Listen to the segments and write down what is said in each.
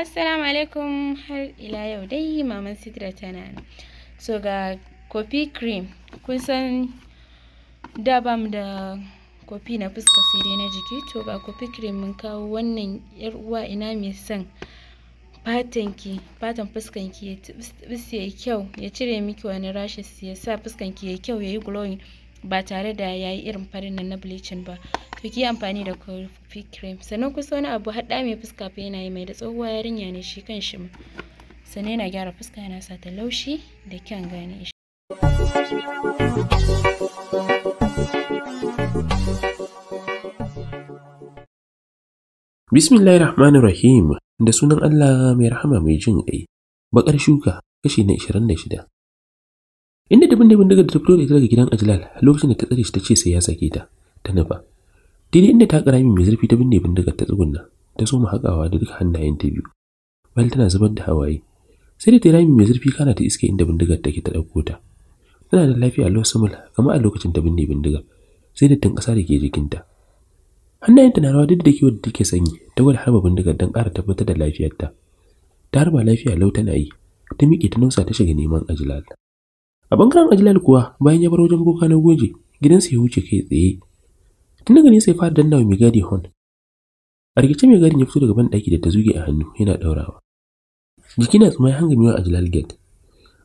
assalamu alaikum har ila yau dai maman sidra tana nan so ga kofi cream kun san da bam da kofi na fuska sai dai na jiki to ga kofi cream mun kawo wannan yar uwa ina mai son fatanki fatan ki ya tibis ya kyau ya cire miki wani rashes ya sa ki ya kyau yayi glowing ba tare da ya yi irin farin nan na bleaching ba to ki amfani da coffee cream sannan kusa wani abu hadda mai fuska fa yana yi mai da tsohuwa yarinya ne shi kan shi sannan yana gyara fuska yana sa ta laushi da kyan gane shi Bismillahirrahmanirrahim da sunan Allah mai rahama mai jin ƙai, bakar shuka kashi na 26. inda dabin da bindigar da ta fito da ita daga gidan ajilal lokacin da ta tsare shi ta ce sai ya sake ta ta nufa daidai inda ta karami mai zurfi ta binne bindigar ta tsugunna ta soma haƙawa da duk hannayen ta biyu bayan tana zubar da hawaye sai da ta rami mai zurfi kana ta iske inda bindigar take ta ɗauko ta tana da lafiya a losamul kama a lokacin ta binne bindiga sai da tun kasa da ke jikinta hannayenta na rawa duk da kiwon da take sanyi ta gwada harba bindigar don ƙara tabbatar da lafiyarta ta harba lafiya lau tana yi ta miƙe ta nausa ta shiga neman ajilal A bangaren Ajilal kuwa bayan ya bar wajen boka na goje gidansa ya wuce kai tsaye. Tun daga nesa ya fara danna mai gadi Hon. A rikice mai gadi ya fito daga banɗaki da ta zuge a hannu yana ɗaurawa. Jiki na tsumai hangamewa a ajilal Gate.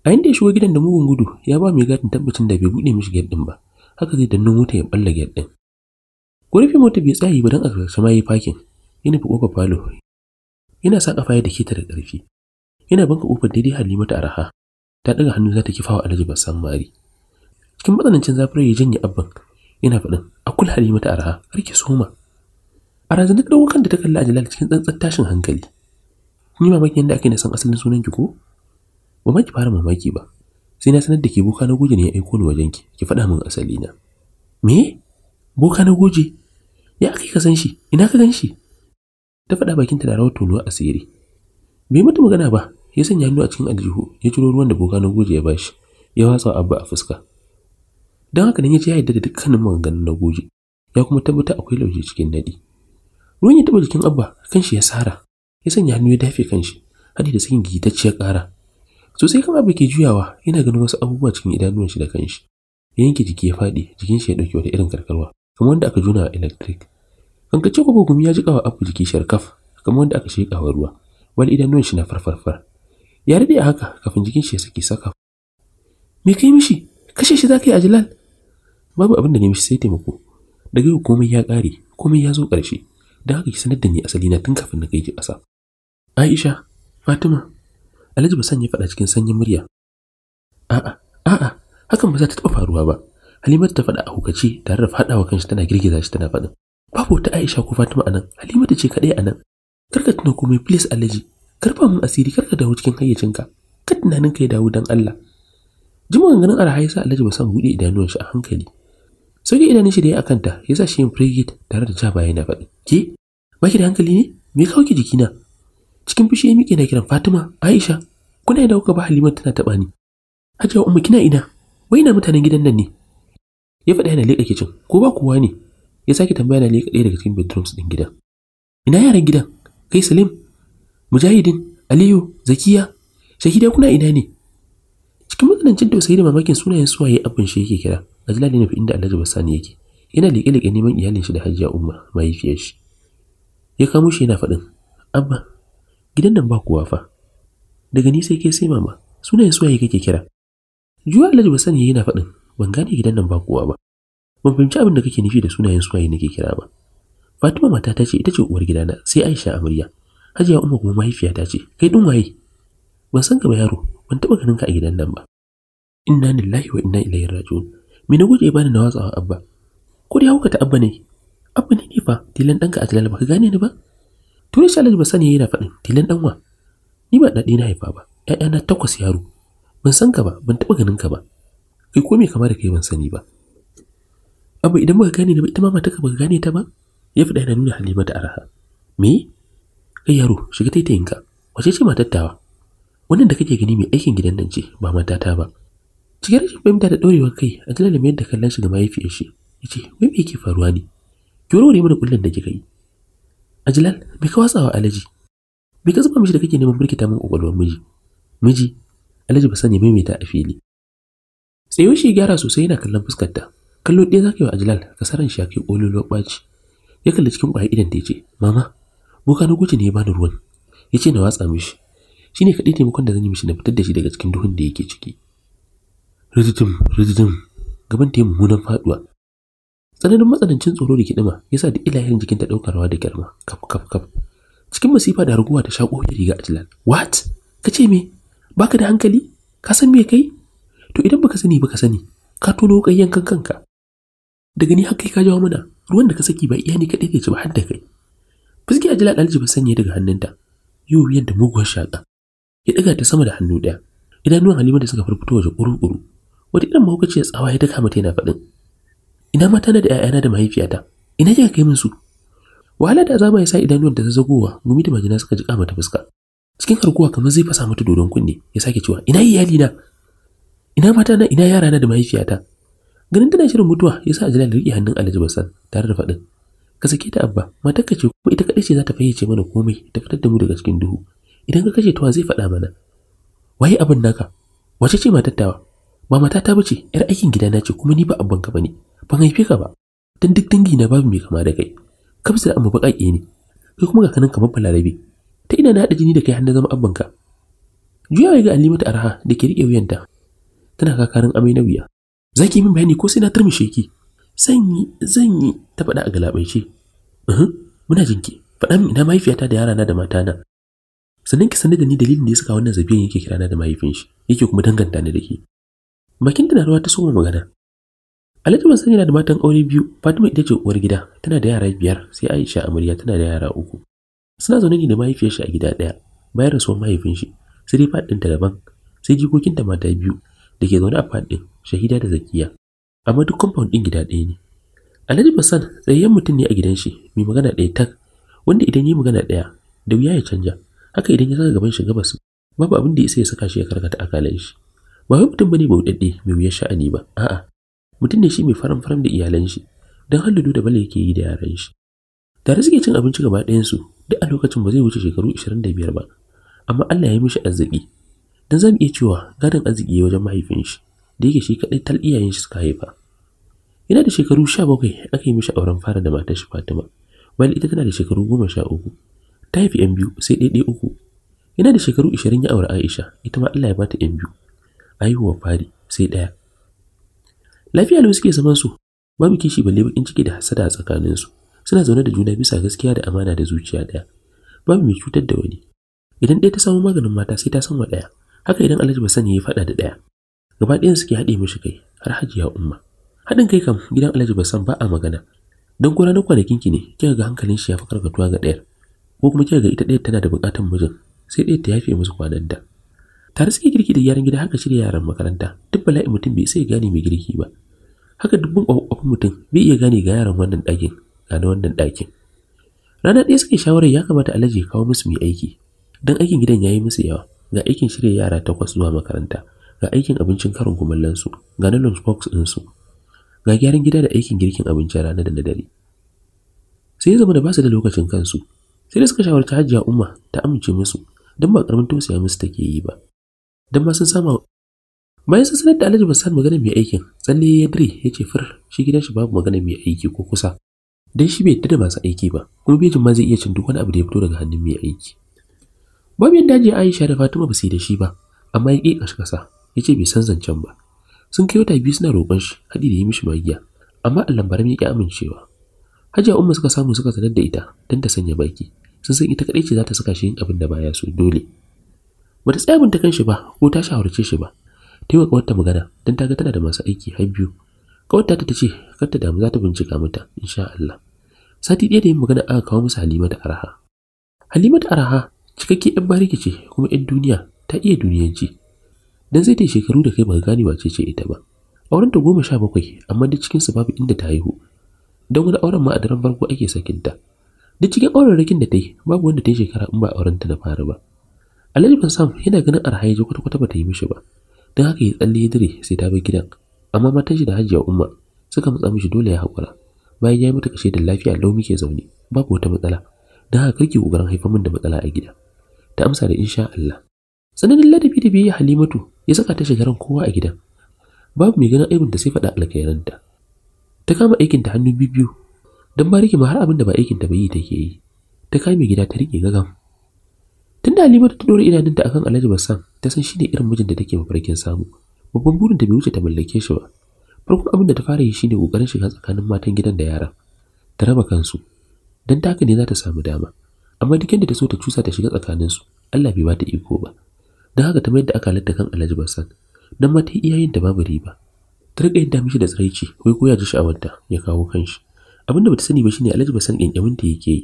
A inda ya shigo gidan da mugun gudu ya ba mai gadin tabbacin da bai buɗe mishi gate ɗin ba. Haka zai dannu mota ya balla gate ɗin. kurfi mota bai tsayi ba don a karkashe yi fakin. Ya nufi falo. Yana sa ƙafa ya dake ta da ƙarfi. Yana banka kofar daidai Halima ta araha. ta ɗaga hannu za ta kifa wa alhaji basan mari cikin matsanancin zafin ya janye abban yana faɗin a kula hali mata araha har ki soma a razana ɗaukan da ta kalla a jalal cikin tsantsan tashin hankali ni mamaki yadda ake na san asalin sunan ki ko ba ma ki fara mamaki ba sai na sanar da ke boka na goje ne ya aiko ni wajen ki ki faɗa min asali na me boka na goje ya aka ka san shi ina ka gan shi ta faɗa bakinta da rawar tonuwa asiri bai mata magana ba ya sanya hannu a cikin aljihu ya ciro ruwan da boga na goje ya bashi ya watsa abba a fuska don haka nan ya ce ya yadda da dukkanin maganganun na goje ya kuma tabbata akwai lauje cikin nadi. ruwan ya taɓa jikin abba kanshi ya sara ya sanya hannu ya dafe kanshi haɗi da sakin gigitacciyar ƙara sosai kan abba ke juyawa yana ganin wasu abubuwa cikin idanuwan shi da kanshi ya yanke jiki ya faɗi jikin shi ya ɗauki wata irin karkarwa kamar wanda aka juna a electric kankace kwabo gumi ya jiƙa wa abba jiki sharkaf kamar wanda aka sheƙa wa ruwa wani idanuwan shi na farfarfar ya daɗe a haka kafin jikin shi ya saki saka me kai mishi kashe shi za yi a babu abin da ne mishi sai taimako daga yau komai ya kare komai ya zo ƙarshe don haka ki sanar da ni asali na tun kafin na kai ki ƙasa aisha fatima alhaji basan ya faɗa cikin sanyin murya a'a a'a hakan ba za ta taɓa faruwa ba halimatu ta faɗa a hukace tare da faɗawa kanshi tana girgiza shi tana faɗin babu wata aisha ko fatima anan halimatu ce kaɗai anan karka tuna komai please alhaji karfa mun asiri kar ka dawo cikin hayyacinka ka tunanin ka ya dawo dan Allah jimawan ganin arha ya sa Alhaji Basan buɗe idanuwan shi a hankali sauke idanun shi da ya akanta ya sa shi yin frigate tare da ja baya na faɗi ke ba ki da hankali ne me ya kawo ki jikina cikin fushi ya miƙe na kiran Fatima Aisha kuna da kuka ba Halima tana taɓa ni Hajiya Umma kina ina wai ina mutanen gidan nan ne ya faɗa yana leƙa kicin ko ba kowa ne ya sake tambaya na leƙa ɗaya daga cikin bedrooms ɗin gidan ina yaran gidan kai Salim mujahidin aliyu zakiya shahida kuna ina ne cikin matsanancin tausayi da mamakin sunayen suwaye abin shi yake kira ajila ne nufi inda alhaji basani yake yana liƙe-liƙe neman iyalin shi da hajiya umma mahaifiyar shi ya kamo shi yana faɗin amma gidan nan ba kowa fa daga ni sai ke sai mama sunayen ya kake kira juwa alhaji basani yana faɗin ban gane gidan nan ba kowa ba ban fahimci abin da kake nufi da sunayen suwaye nake kira ba fatima mata ta ce ita ce uwar gidana sai aisha amarya hajiya umma mahaifiya ta ce kai ɗin waye ban san ka ba yaro ban taɓa ganin ka a gidan nan ba inna lillahi wa inna ilaihi raji'un me na guje bani na watsawa abba ko dai hauka ta abba ne abba ne ne fa tilan ɗanka a tilal ba ka gane ni ba To shi shalaji ba sani yana faɗin tilan ɗanwa ni ba daɗi na haifa ba Ya'ya na takwas yaro ban san ka ba ban taɓa ganin ka ba kai ko me kamar da kai ban sani ba Abba idan baka gane ni ba ita ma mataka baka gane ta ba ya faɗa yana nuna halima da araha me kai yaro shiga taitayinka wace ce matattawa wannan da kake gani mai aikin gidan nan ce ba matata ba cikin rashin fahimta da ɗorewar kai a jilala mayar yadda kallon shi ga mahaifiyar shi ya ce wai me yake faruwa ne ki warware mana kullum da kika yi ajilal me ka watsawa alaji me ka zuba mishi da kake neman birkita min kwakwalwar miji miji alaji ba sani maimaita a fili tsayo shi gyara sosai yana kallon fuskar ta kallo ɗaya za ka yi wa ajilal ka saran shi ya kai ƙololuwar ɓaci ya kalli cikin ƙwaya idan ta ce mama boka na gucin ne ya bani ruwan yace na watsa mishi ne kaɗai taimakon da zan yi mishi na fitar da shi daga cikin duhun da yake ciki rizitum rizitum gaban ta yi mummunan faduwa tsananin matsanancin tsoro da kiɗima ya sa da ilayen jikin ta ɗaukarwa da girma kap kap kap cikin masifa da raguwa ta shaƙo da riga a what kace ce me baka da hankali ka san me kai to idan baka sani baka sani ka tono kayyan kanka daga ni har kai ka jawo mana ruwan da ka saki ba iya ne kaɗai ke ci ba har da kai Fizgi Adila ɗalji ba sanya daga hannunta, yo yadda muguwar shaƙa. Ya ɗaga ta sama da hannu ɗaya. Idanuwan Halima da suka farfito waje ƙuru-ƙuru. Wata irin mahaukaciyar tsawa ya daka mata yana faɗin. Ina mata na da ‘ya'yana da mahaifiyata, ina kika kai min su? Wahala da azaba ya sa idanuwan ta zagowa, gumi da majina suka jiƙa mata fuska. Cikin harkuwa kamar zai fasa mata dodon kunne, ya sake cewa, ina na? Ina mata na, ina yarana da mahaifiyata? Ganin tana shirin mutuwa, ya sa Jalal riƙe hannun Alhaji basan tare da faɗin, ka saki ta abba matarka ce kuma ita kaɗai ce za ta fayyace mana komai ta fitar da mu daga cikin duhu idan ka kashe tuwa zai faɗa mana waye abin naka wace ce matar tawa ba mata ta bace yar aikin gida na ce kuma ni ba abban ka bane ban haife ka ba dan duk dangi na babu mai kama da kai kafsa amma baƙaƙe ne kai kuma ga kanin kamar falarabe ta ina na haɗa jini da kai har na zama abban ka juyawa ga alimata arha da ke riƙe wuyanta tana kakarin amai na wuya zaki ki min bayani ko sai na turmushe ki zan yi zan yi ta faɗa a galabaice muna jinki faɗa min ina mahaifiyata da yarana da matana sannan ki sanar da ni dalilin da ya saka wannan zabiyan yake na da mahaifin shi yake kuma danganta ni da ke bakin tana ruwa ta soma magana Alhaji ban sani da matan aure biyu Fatima ita ce uwar gida tana da yara biyar sai Aisha amarya tana da yara uku suna zaune ne da mahaifiyar shi a gida ɗaya bayan rasuwar mahaifin shi sai dai faɗin ta daban sai jikokin ta mata biyu da ke zaune a faɗin shahida da zakiya amma duk compound ɗin gida ɗaya ne alhaji basan tsayayyen mutum ne a gidan shi mai magana ɗaya tak wanda idan yi magana ɗaya da wuya ya canja haka idan ya saka gaban shi gabas babu abin da ya ya saka shi ya karkata kalan shi ba wai mutum bane bauɗaɗɗe mai wuya sha'ani ba a'a mutum ne shi mai faran faran da iyalan shi don halladu da bala yake yi da yaran shi tare suke cin abinci gaba ɗayansu duk a lokacin ba zai wuce shekaru 25 ba amma Allah ya yi mishi arziki don zamu iya cewa gadon arziki wajen mahaifin shi da yake shi kaɗai tal iyayen shi suka haifa yana da shekaru sha bakwai aka yi mishi auren fara da matar shi fatima bayan ita tana da shekaru goma sha uku ta haifi yan biyu sai ɗaiɗai uku yana da shekaru ashirin ya aure aisha ita ma allah ya bata yan biyu haihuwa fari sai ɗaya lafiya lau suke zaman su babu kishi balle bakin ciki da hasada a tsakaninsu suna zaune da juna bisa gaskiya da amana da zuciya ɗaya babu mai cutar da wani idan ɗaya ta samu maganin mata sai ta san wa ɗaya haka idan alhaji basan ya faɗa da ɗaya gaba ɗayan suke haɗe mishi kai har hajiya umma haɗin kai kam gidan alhaji basan ba a magana don gora na kwanakin ki ne kika ga hankalin shi ya fi karkatuwa ga ɗayar ko kuma kika ga ita ɗayar tana da buƙatar mijin sai ɗayar ta yafe musu kwanan kwananta tare suke girki da gyaran gida haka shirya yaran makaranta duk bala'i mutum bai sai gane mai girki ba haka dubbin ƙwaƙwafin mutum bai iya gane ga yaran wannan ɗakin ga na wannan ɗakin rana ɗaya suke shawarar ya kamata alhaji ya kawo musu mai aiki don aikin gidan ya yi musu yawa ga aikin shirya yara takwas zuwa makaranta ga aikin abincin karin kumallonsu ga na lunchbox ɗinsu ga gyaran gida da aikin girkin abincin rana da na dare sai ya zama da ba su da lokacin kansu sai da suka shawarci hajiya umma ta amince musu don ba karamin tausaya musu take yi ba don ma sun sama bayan sun sanar da alhaji basan magana mai aikin tsalle ya dire ya ce fir shi gidan shi babu magana mai aiki ko kusa dan shi bai yadda da masu aiki ba kuma bejin ma zai iya cin duk wani abu da ya fito daga hannun mai aiki babu yadda ajiye aisha da fatima ba su yi da shi ba amma ya ƙi ya ce bai san zancen ba sun kai wata biyu suna roƙon shi haɗi da yi mishi magiya amma allambaram ya ƙi amincewa hajiya umma suka samu suka sanar da ita don ta sanya baki sun san ita kaɗai ce za ta saka shi yin abin da baya so dole ba ta tsaya binta kanshi ba ko ta shawarce shi ba ta yi wa kawarta magana don ta ga tana da masu aiki har biyu kawarta ta ce kar ta damu za ta bincika mata insha Allah sati ɗaya da yin magana aka kawo musu Halima da Araha Halima da Araha cikakke yan bariki ce kuma yan duniya ta iya duniyanci dan zai ta shekaru da kai ba gane wace ce ita ba auren ta goma sha bakwai amma duk cikin su babu inda ta haihu dan wani auren ma a daren farko ake sakin ta duk cikin auren rakin da ta yi babu wanda ta yi shekara in ba auren ta na fara ba Alhaji sam yana ganin arhaiji kwata kwata ba ta yi mishi ba dan haka ya tsalle ya dire sai ta bar gidan amma matan shi da Hajiya Umma suka matsa mishi dole ya haƙura bayan ya yi mata kashe da lafiya lau muke zaune babu wata matsala dan haka karki kokarin haifar min da matsala a gida ta amsa da insha Allah sanannen ladabi da biye Halimatu ya saka ta shiga kowa a gidan babu mai ganin aibin da sai faɗa alkairanta ta kama aikin ta hannu bibiyu don ba rike ma har abin da ba aikin ta bai yi take yi ta kame gida ta rike gagam tunda Halimatu ta dora idanunta akan Alhaji Bassan ta san shi ne irin mijin da take mafarkin samu babban burin da bai wuce ta mallake shi ba farkon abin da ta fara yi shi ne kokarin shiga tsakanin matan gidan da yaran ta raba kansu don taka ne za ta samu dama amma duk da ta so ta cusa ta shiga tsakaninsu Allah bai ba ta iko ba Da haka ta mayar da aka halitta kan Alhaji Bassan don mata iyayen da babu riba ta riƙa yadda mishi da tsiraici wai ko ya ji sha'awarta ya kawo kanshi abin da bata sani ba shine Alhaji Bassan ƙyanƙyamin ta yake yi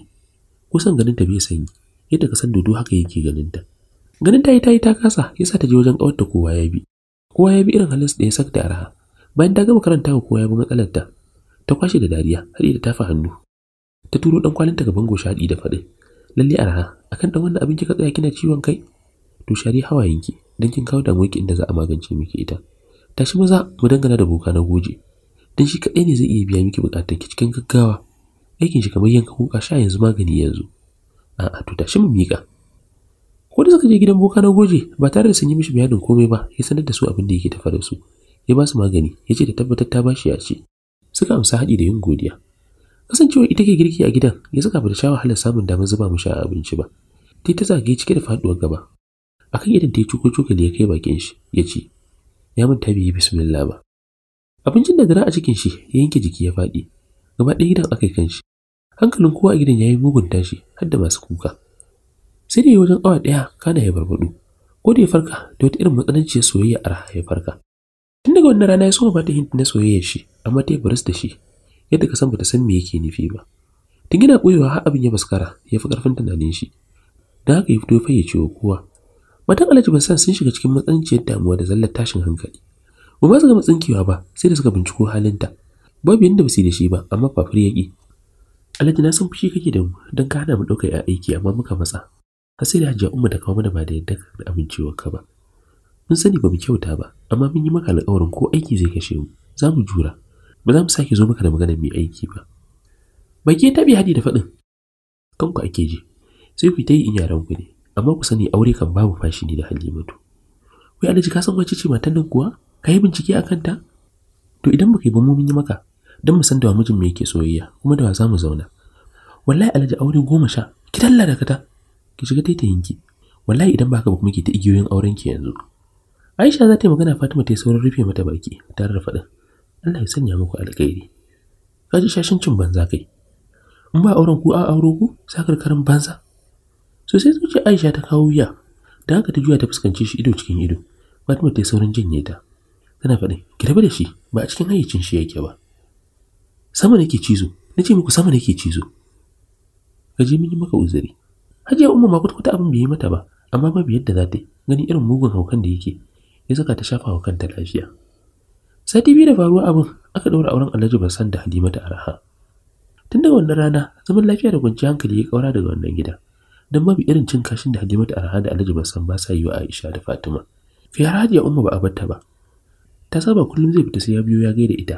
kusan ganin ta bai sanyi yadda ka san dodo haka yake ganin ta ganin ta yi ta yi ta kasa yasa ta je wajen ƙawarta kowa ya bi kowa ya bi irin halin da ya saka da araha bayan ta gama karanta kowa ya bi matsalarta ta kwashe da dariya haɗi da tafa hannu ta turo dan kwalinta gaban goshi shadi da faɗi lalle araha akan dan wannan abin kika tsaya kina ciwon kai to shari hawayenki dan kin kawo damuwarki inda za a magance miki ita tashi maza mu dangana da boka na goje dan shi kadai ne zai iya biya miki buƙatar ki cikin gaggawa aikin shi kamar yanka kuka sha yanzu magani yanzu a'a to tashi mu mika. ko da suka je gidan boka na goje ba tare da sun yi mishi bayanin komai ba ya sanar da su abin da yake tafa da su ya ba su magani ya ce da tabbatar ta bashi ya ce suka amsa haɗi da yin godiya kasancewar ita ke girki a gidan ya saka bata sha wahalar samun damar zuba mishi a abinci ba ta ta zagaye cike da faɗuwar gaba akan idan ta yi cokali ya kai bakin shi ya ci. ya manta bai yi bismillah ba abincin da dara a cikin shi ya yanke jiki ya faɗi gaba ɗaya gidan aka kan shi hankalin kowa a gidan ya yi mugun tashi har da masu kuka sai da wajen awa ɗaya kana ya barbaɗo ko da ya farka da wata irin matsananciyar soyayya raha ya farka tun daga wannan rana ya soma bata hinti na soyayyar shi amma ta yi baris da shi yadda ka san ta san me yake nufi ba tun yana koyewa har abin ya baskara ya fi ƙarfin tunanin shi don haka ya fito ya fayyace wa kowa matan alhaji sa sun shiga cikin matsanciyar damuwa da zallar tashin hankali ba ba su gama tsinkewa ba sai da suka binciko halinta babu yadda ba su da shi ba amma fafur ya ƙi alhaji na san fushi kake da mu don ka hana mu ɗaukar ya aiki amma muka matsa har sai da hajiya umma ta kawo mana ba da yadda da amincewa ka ba mun sani ba mu kyauta ba amma mun yi maka alƙawarin ko aiki zai kashe mu za mu jura ba za mu sake zo maka da maganar mai aiki ba baki ya taɓi hadi da faɗin kanku ake ji sai ku ta yi in yaran ku ne amma ku sani aure kan babu fashi ne da halimatu wai alhaji ka san wacece ce matan nan kuwa ka yi bincike a kanta to idan baka yi ba mu mun yi maka dan mu san da mijin me yake soyayya kuma da wa za mu zauna wallahi alhaji aure goma sha ki talla da kata ki shiga taita yinki wallahi idan baka ba kuma ki ta igiyoyin auren ki yanzu Aisha za ta yi magana Fatima ta yi saurin rufe mata baki tare da faɗin Allah ya sanya muku alkhairi ka ji shashin cin banza kai in ba auren ku a auro ku sakar karin banza sosai zuciya aisha ta kawo wuya da haka ta juya ta fuskanci shi ido cikin ido fatima ta yi saurin janye ta tana faɗin ki rabu da shi ba a cikin hayyacin shi yake ba sama nake cizo na ce muku sama nake cizo gaji mun yi maka uzuri hajiya umma ma kwata abin bai yi mata ba amma babu yadda za ta yi gani irin mugun haukan da yake ya saka ta shafa wa kanta lafiya sati biyu da faruwa abin aka ɗaura auren alhaji basan da halima ta araha tun daga wannan rana zaman lafiya da kwanciyar hankali ya ƙaura daga wannan gida dan babu irin cin kashin da Hadimatu Arha da Alhaji Bassan ba sa yi wa Aisha da Fatima. Fiyar Hajiya Umma ba a bata ba. Ta saba kullum zai fita sai ya biyo ya gaida ita.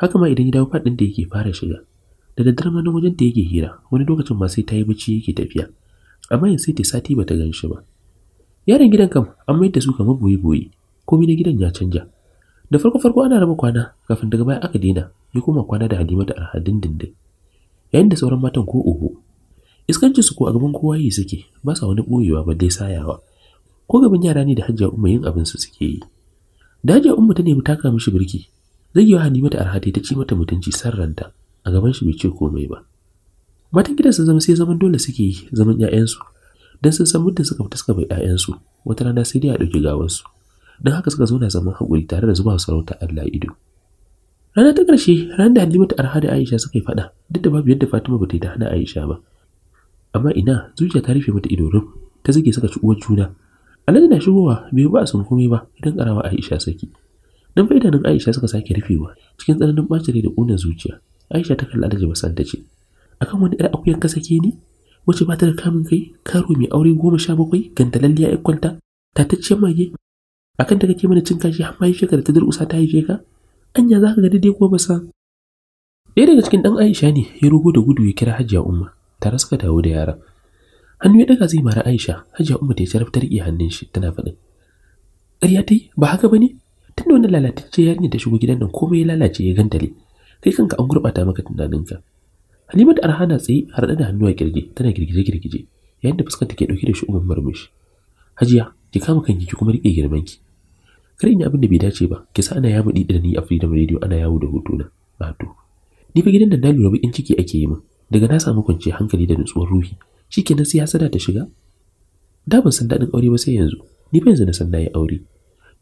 Haka ma idan ya dawo faɗin da yake fara shiga. Da daddare ma na wajen da yake hira, wani lokacin ma sai ta yi bacci yake tafiya. Amma yanzu sai ta sati bata gan shi ba. Yaron gidan kam an mai da su kamar boye-boye, komai na gidan ya canja. Da farko-farko ana raba kwana kafin daga baya aka daina ya koma kwana da Halima da Arha dindindin. Yayin da sauran matan ko oho iskancin su ko a gaban kowa yi suke ba sa wani boyewa ba dai sayawa ko gaban yara ne da hajjiya umma yin abin su suke yi da hajjiya umma ta nemi taka mishi birki zai yi wa halima ta arhate ta ci mata mutunci sarranta a gaban shi bai ce komai ba matan gidan su zama sai zaman dole suke yi zaman 'ya'yansu dan sun san muddin suka fita suka bai 'ya'yansu wata rana sai dai a ɗauki su don haka suka zauna zaman haƙuri tare da zuba sarauta Allah ido. Rana ta ƙarshe, ran da Halimatu Arha da Aisha suka yi faɗa, duk da babu yadda Fatima bata yi da hana Aisha ba, amma ina zuciya ta rufe mata ido rum ta zage saka ci uwar juna alhaji na shigowa bai ba a san komai ba idan karawa aisha saki dan faida nan aisha suka sake rufewa cikin tsananin bacin rai da kuna zuciya aisha ta kalli alhaji basan ta ce akan wani ɗan akuyan ka sake ni wace ba ta da kamun kai karo mai aure goma sha bakwai gandalalliya ya kwanta ce mage akan ta kake mana cin kashi har mai da ta durƙusa ta haife ka anya za ka ga dai ko ba sa ɗaya daga cikin ɗan aisha ne ya rugo da gudu ya kira hajiya umma ta suka dawo da yaran hannu ya daga zai mara aisha hajiya umma ta yi sharaf ta riƙe hannun shi tana faɗin ƙarya ta yi ba haka ba ne tunda wani lalatacce yarinya ta shigo gidan nan komai ya lalace ya gantale kai kanka an gurɓata maka tunaninka da arhana tsaye har da a kirge tana girgije girgije yayin da fuskar take ɗauke da shu'umin murmushi hajiya ki kama kanki ki kuma riƙe ki. kar in yi abin da bai dace ba ki sa ana yamu ɗiɗi da ni a freedom radio ana yawo da hotuna wato ni fa gidan da na lura bakin ciki ake yi min daga na samu kwanciyar hankali da nutsuwar ruhi shikenan sai hasada ta shiga da ban san daɗin aure ba sai yanzu ni ba yanzu na san nayi aure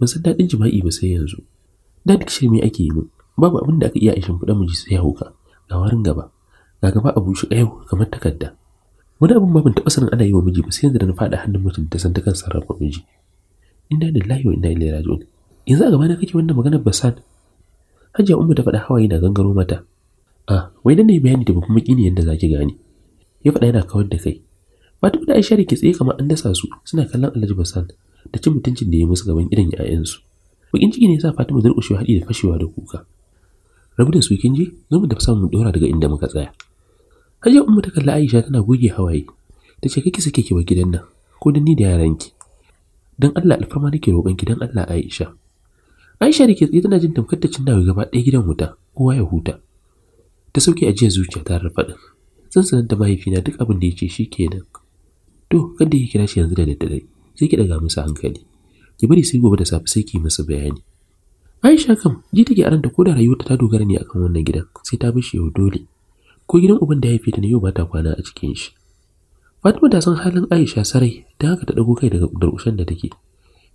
ban san daɗin jima'i ba sai yanzu da duk shirme ake yi min babu abin da aka iya ishin mu miji sai hauka ga warin gaba ga gaba a bushe ɗaya kamar takarda wani abin ba taɓa sanin ana yi wa miji ba sai yanzu da na faɗa hannun mutum da san ta kan sarrafa miji inna lillahi wa inna ilaihi raji'un yanzu a gaba na kake wannan maganar basan hajiya umma ta faɗa hawaye na gangaro mata a ah, wai nan ne bayani da babban makini kini yadda ki gane ya faɗa yana kawar da kai Fatima da Aisha da ke tsaye kamar an dasa su suna kallon Alhaji Basan da cin mutuncin da ya musu gaban idan yayansu bakin ciki ne ya sa Fatima durƙushewa haɗi da fashewa da kuka rabu da su kin ji zo mu tafsa mu dora daga inda muka tsaya Hajiya Ummu ta kalli Aisha tana goge hawaye ta ce kake sake ki gidan nan ko dan ni da ki?" Don Allah alfarma nake roƙon ki dan Allah Aisha Aisha da ke tsaye tana jin tamkar ta cin dawo gaba ɗaya gidan wuta kowa ya huta ta sauke ajiyar zuciya ta faɗin zan sanar da mahaifina duk abin da ya ce shi kenan to kada ya kira shi yanzu da daddare sai ki daga musu hankali ki bari sai gobe da safe sai ki musu bayani Aisha kam ji take aran da koda rayuwarta ta dogara ne akan wannan gidan sai ta bishi yau dole ko gidan uban da ya haife ta ne yau ba ta kwana a cikin shi Fatima ta san halin Aisha sarai ta haka ta dago kai daga durkushin da take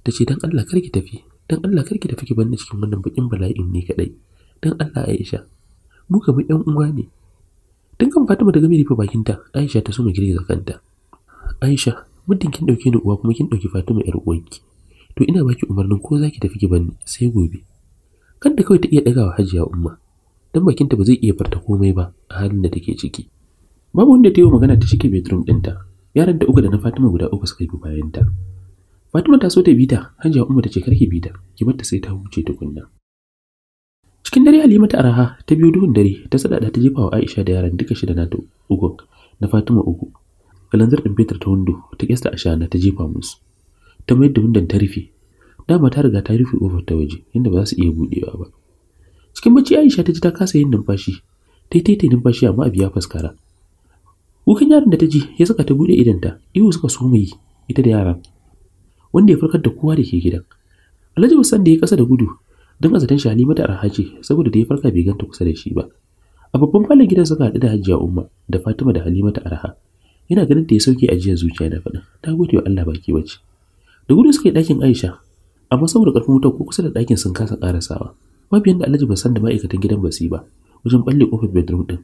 ta ce dan Allah kar ki tafi dan Allah kar ki tafi ki banni cikin wannan bakin bala'in ne kadai dan Allah Aisha mu bi ɗan uwa ne tun kan Fatima ta game rufe ta Aisha ta so mu girgiza kanta Aisha muddin kin dauke ni uwa kuma kin dauki Fatima ƴar uwanki to ina baki umarnin ko zaki tafi ki bani sai gobe kan da kawai ta iya dagawa Hajiya Umma dan bakinta ba zai iya farta komai ba a halin da take ciki babu wanda ta yi magana ta shike bedroom ɗinta yaran da uku da na Fatima guda uku suka bi ta Fatima ta so ta bi ta Hajiya Umma ta ce karki bi ta ki bar ta sai ta huce tukunna cikin dare mata araha ta biyo duhun dare ta da ta jefa wa aisha da yaran duka shida na ta na fatima ugu kalanzar din fetur ta wando ta kyasta a shana ta jefa musu ta mayar da wundan ta rufe dama ta riga ta rufe ƙofar ta waje inda ba za su iya buɗewa ba cikin bacci aisha ta ji ta kasa yin numfashi ta yi taitai numfashi amma abu ya faskara kukan yaron da ta ji ya saka ta buɗe idanta ihu suka soma yi ita da yaran wanda ya farkar da kowa da ke gidan alhaji Musa da ya kasa da gudu don azatan shi halima da arha ce saboda da ya farka bai ganta kusa da shi ba a babban falon gidan suka haɗu da hajiya umma da fatima da halima ta arha yana ganin ta ya sauke ajiyar zuciya da faɗin ta gode wa allah baki wacce da gudu suka yi ɗakin aisha amma saboda ƙarfin wutar ko kusa da ɗakin sun kasa ƙarasawa babu yadda alhaji ba san da ma'aikatan gidan basi ba wajen balle ƙofar bedroom ɗin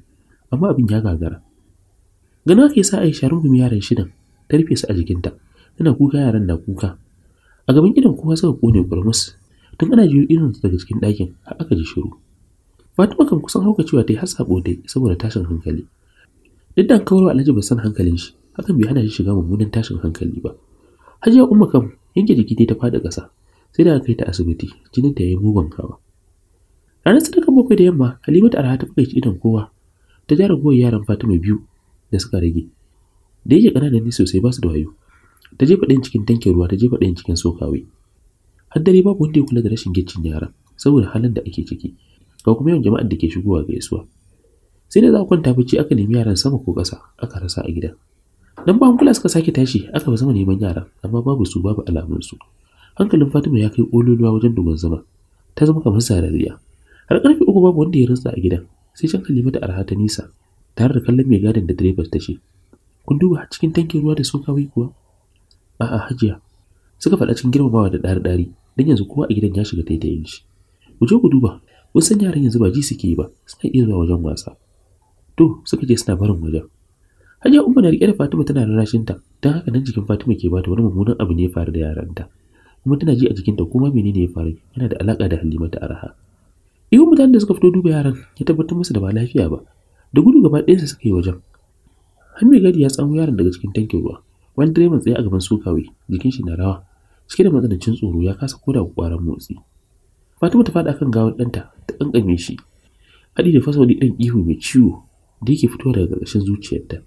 amma abin ya gagara gana ke sa aisha rungumi yaran shidan ta rufe su a jikinta tana kuka yaran na kuka a gaban gidan kowa suka kone kurmus tun ana jiyo irinsu daga cikin ɗakin har aka ji shiru fatima kan kusan cewa ta yi har sabo dai saboda tashin hankali duk da kawarwa alhaji ba san hankalin shi hakan bai hana shi shiga mummunan tashin hankali ba hajiya umma kam yanke jiki ta faɗi ƙasa sai da aka kai ta asibiti jinin ta yi mugun kawa ranar sadaka bakwai da yamma Halima ta arha ta fakaici idan kowa ta jara goyi yaran fatima biyu da suka rage da yake ƙananan ne sosai ba su da wayo ta jefa ɗayan cikin tankin ruwa ta jefa ɗayan cikin sokawai har dare babu wanda ya kula da rashin giccin yaran saboda halin da ake ciki ga kuma yawan jama'ar da ke shigowa ga gaisuwa sai da za a kwanta bacci aka nemi yaran sama ko ƙasa aka rasa a gidan nan bayan kula suka sake tashi aka ba zama neman yaran amma babu su babu alamun su hankalin Fatima ya kai ƙololuwa wajen dogon zama ta zama kamar zarariya har karfe uku babu wanda ya rasa a gidan sai can kalima da Arha ta nisa tare da kallon mai gadin da direbar ta ce kun duba cikin tankin ruwa da sun kawai kuwa a'a hajiya suka faɗa cikin girmamawa da ɗari ɗari don yanzu kowa a gidan ya shiga taitayin shi ku je ku duba mun san yaran yanzu ba ji suke yi ba suna iya zuwa wajen wasa to suka je suna barin wajen hajiya umma na riƙe da fatima tana rarrashin ta don haka nan jikin fatima ke bata wani mummunan abu ne ya faru da yaranta kuma tana ji a jikinta kuma menene ya faru yana da alaƙa da halima ta araha ihun mutanen da suka fito duba yaran ya tabbatar musu da ba lafiya ba da gudu gaba ɗayansa suka yi wajen hamir gadi ya tsamo yaron daga cikin tankin ruwa wani direban tsaye a gaban sukawai jikin shi na rawa cike da matsanancin tsoro ya kasa koda kwaran motsi fatima ta fada kan gawar ɗanta ta kankame shi haɗi da fasa wani ihu mai ciwo da yake fitowa daga ƙarƙashin zuciyarta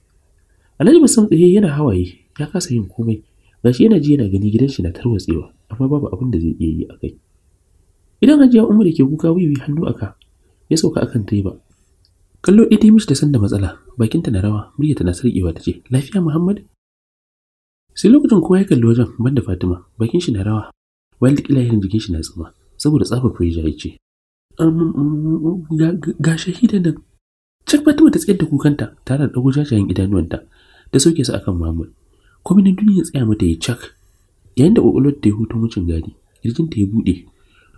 alhaji musam tsaye yana hawaye ya kasa yin komai gashi yana ji yana gani gidan shi na tarwatsewa amma babu abin da zai iya yi a kai idan hajiya umar ke kuka wiwi hannu aka ya sauka akan teba kallo ita yi mishi da sanda matsala bakinta na rawa muryarta na sarkewa ta ce lafiya muhammad sai lokacin kowa ya kalli wajen ban da fatima bakin shi na rawa wani da kila yin jikin shi na tsima saboda tsafa firija ya ce ga shahida nan cak fatima ta tsayar da kukanta tare da ɗago jajayen idanuwanta da sauke su akan mamul kwaminin duniya tsaya mata ya cak yayin da ƙwaƙwalwar ta yi hutun wucin gadi ta ya buɗe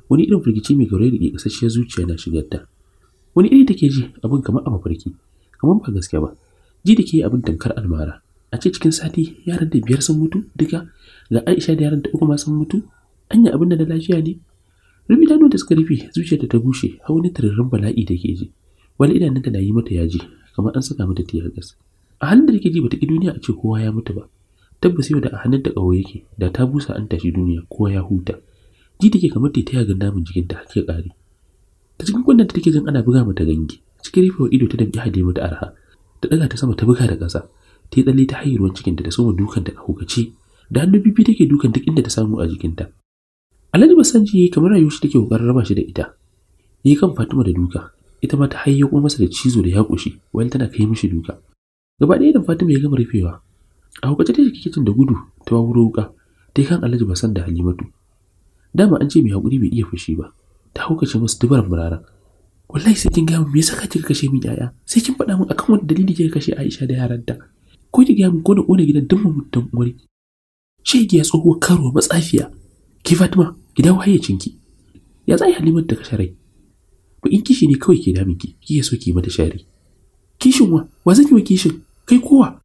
wani irin firgici mai gaurayi da ke ƙasashiyar zuciya na shigar ta wani iri ke ji abin kamar a mafarki kamar ba gaske ba ji da ke yi abin tamkar almara a ce cikin sati yaran da biyar sun mutu duka ga aisha da yaran da uku sun mutu anya abin da da lafiya ne rubi ta da suka rufe da ta bushe hau wani tararin bala'i da ke ji wani ta na yi mata yaji kamar an saka mata tiyar gas a halin da take ji bata ki duniya a ce kowa ya mutu ba tabbas yau da a hannun da ƙawo yake da ta busa an tashi duniya kowa ya huta ji take kamar ta ta ga namun jikinta hake kare. ta cikin kunnen ta take jin ana buga mata gangi cikin rufewa ido ta dabi hade mata arha ta daga ta sama ta buga da kasa ta yi tsalle ta haye ruwan cikinta da soma dukan da hukace da hannu bibi take dukan duk inda ta samu a jikinta alhaji basanji yayi kamar rayuwar shi take kokarin raba shi da ita yayi kan fatima da duka ita ma ta kuma masa da cizo da yakushi wani tana kai mishi duka gaba ɗaya da fatima ya gama rufewa a hukace ta shi da gudu ta wawuro wuka ta kan alhaji basan da halimatu dama an ce mai hakuri bai iya fushi ba ta hukace musu dubar murara wallahi sai kin ga me yasa kika kashe min yaya sai kin faɗa min akan wani dalili kika kashe Aisha da yaranta ko ki mun min ko na gidan duk mutum dan uwarki shege ya tsoho karo matsafiya ki Fatima ki dawo hayyacinki ya zai halimar da ka sharai. ba in kishi ne kawai ke damin ki ki so ki mata share. kishin wa wa zan yi wa kishin kai kowa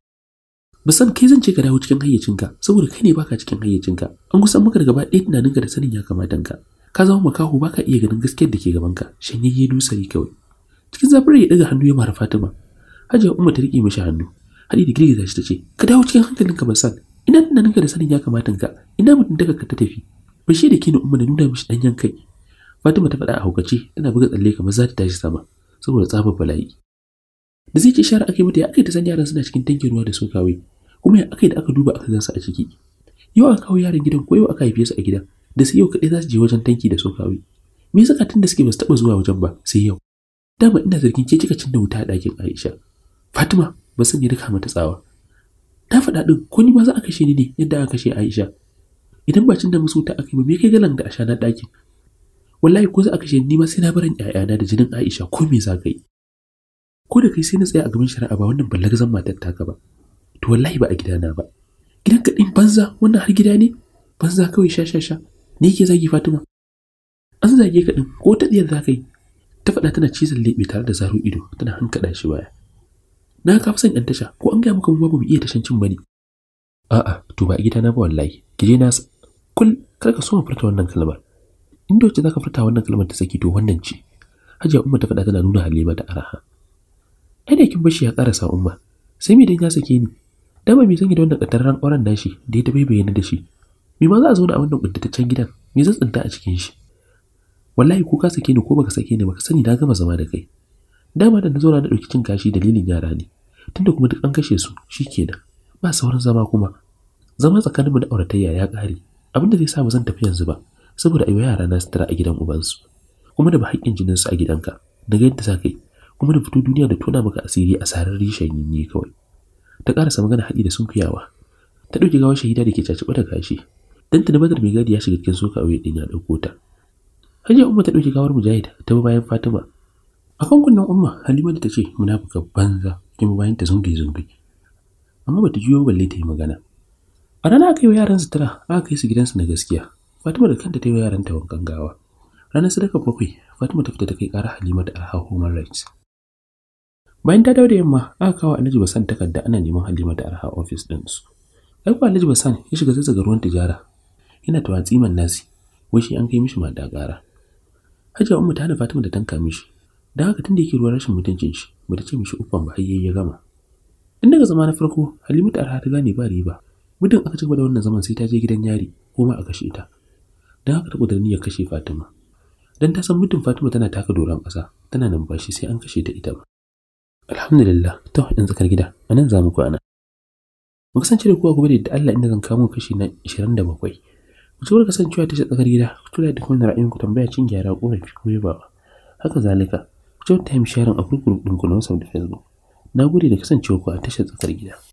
musan kai zan ce ka dawo cikin hayyacinka saboda kai ne baka cikin hayyacinka an kusan maka da gaba ɗaya tunaninka da sanin ya kamata ka ka zama makaho baka iya ganin gaskiyar da ke gabanka shanyayye dusari kawai cikin zafin ya daga hannu ya mara Fatima Hajiya Umma ta riƙe mishi hannu haɗi da girgiza shi ta ce ka dawo cikin hankalinka bansan ina tunaninka da sanin ya kamata ka ina mutum daga ka ta tafi bashi da kini umma da nuna mishi ɗanyen kai Fatima ta faɗa a haukace tana buga tsalle kamar za ta tashi sama saboda tsabar bala'i da zai ce shara aka yi mata ya aka ta san yaran suna cikin tankin ruwa da su kawai kuma ya aka da aka duba aka su a ciki yau aka kawo yaran gidan ko yau aka haife su a gida da sai yau kaɗai za su je wajen tanki da su kawai me yasa tun da suke ba su zuwa wajen ba sai yau dama ina zargin ke kika cin da wuta a ɗakin Aisha Fatima Masim yi daka mata tsawa. Ta faɗa ɗin ko ni ba za a kashe ni ne yadda aka kashe Aisha. Idan bacin da musu ta aka yi ba me kai galan da ashana ɗakin. Wallahi ko za a kashe ni ma sai na barin ƴaƴana da jinin Aisha ko me za ka yi. Ko da kai sai na tsaya a gaban shari'a ba wannan ballagazan matar taka ba. To wallahi ba a gida na ba. Gidan kaɗin banza wannan har gida ne? Banza kawai sha sha sha. Ni ke zagi Fatima. An zage ka ɗin ko ta tsiyar za ka yi ta faɗa tana cizon leɓe tare da zaro ido tana hankaɗa shi baya na ka fi son ɗan tasha ko an gaya muku ba mu iya tashan cin bane a'a to ba a gida na ba wallahi ki je na kul kar ka so mu furta wannan kalmar in doce zaka furta wannan kalmar ta saki to wannan ce hajiya umma ta faɗa tana nuna halima da araha ai da kin bashi ya karasa umma sai me dan ya sake ni dama me zan yi da wannan katarran auren nashi da ya ta bayyana da shi me ma za a zauna a wannan kuntataccen gidan me zan tsinta a cikin shi wallahi ko ka sake ni ko baka sake ni baka sani na gama zama da kai dama da na zauna na ɗauki cin kashi dalilin yara ne tunda kuma duk an kashe su shi kenan. ba sauran zama kuma zama tsakaninmu da auratayya ya ƙare abin da zai sa ba zan tafi yanzu ba saboda a yi yara na tara a gidan ubansu kuma da ba haƙƙin su a gidanka daga yadda za ka kuma da fito duniya da tona maka asiri a sarar rishen yinye kawai ta ƙarasa magana haɗi da sunkuyawa ta ɗauki gawar shahida da ke caciɓa da gashi dan ta badar mai gadi ya shiga cikin soka auye ɗin ya ɗauko ta hajiya umma ta ɗauki gawar mujahid ta bi bayan fatima a kunnan umma halima da ta ce munafuka banza kuma bayan ta zungai Amma ba ta juyo balle ta yi magana. A rana aka yi wa yaran tara aka kai su gidansu na gaskiya. Fatima da kanta ta yi wa yaranta wankan gawa. Ranar sadaka bakwai Fatima ta fita ta kai ƙara Halima da Arha Human Rights. Bayan ta dawo da yamma aka kawo Alhaji Basan takarda ana neman Halima da Arha ofis ɗinsu. Aiko Alhaji Basan ya shiga zazzaga ruwan tijara yana ta watsi man nasi wai shi an kai mishi ma da gara. Hajiya Ummu ta hana Fatima da tanka mishi Da haka tun da yake ruwan rashin mutuncin shi, ba ta ce mishi uffan ba har ya gama. Tun daga zama na farko, ta Arha ta gane ba riba. mutum aka cigaba da wannan zaman sai ta je gidan yari, ko ma a kashe ta. Dan haka ta ƙudurni ya kashe Fatima. Dan ta san mutum Fatima tana taka doron kasa tana numfashi sai an kashe ta ita ba. Alhamdulillah, ta haɗin zakar gida, a nan za mu kwana. Mu kasance da kowa gobe da Allah inda zan kamo kashi na 27. Ku ci kasancewa ta tsakar gida, ku tura da kuma ra'ayin ra'ayinku tambaya cin gyara ƙorafi ko ba Haka zalika, ku time sharing a group ɗinku na da Facebook. Na gode da kasancewa ku a tashar tsakar gida.